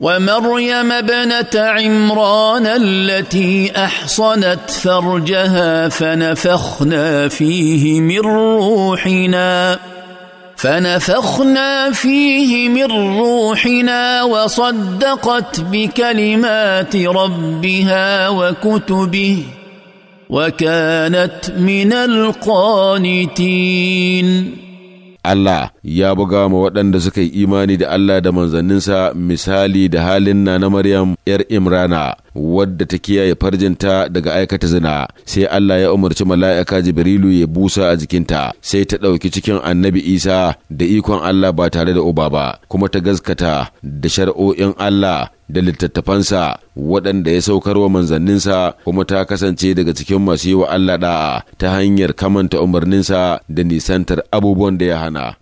ومريم ابنه عمران التي احصنت فرجها فنفخنا فيه من روحنا فنفخنا فيه من روحنا وصدقت بكلمات ربها وكتبه وكانت من القانتين Allah ya buga ma waɗanda suka yi imani da Allah da manzanninsa misali da halin na na Maryam ‘yar Imrana. wadda ta kiyaye farjinta daga aikata zina sai Allah ya umarci mala'ika Jibrilu ya busa a jikinta sai ta ɗauki cikin annabi Isa da ikon Allah ba tare da uba ba kuma ta gaskata da shar'o'in Allah da littattafansa waɗanda ya saukar wa manzanninsa kuma ta kasance daga cikin masu yi wa Allah da'a ta hanyar kamanta umarninsa da nisantar abubuwan da ya hana.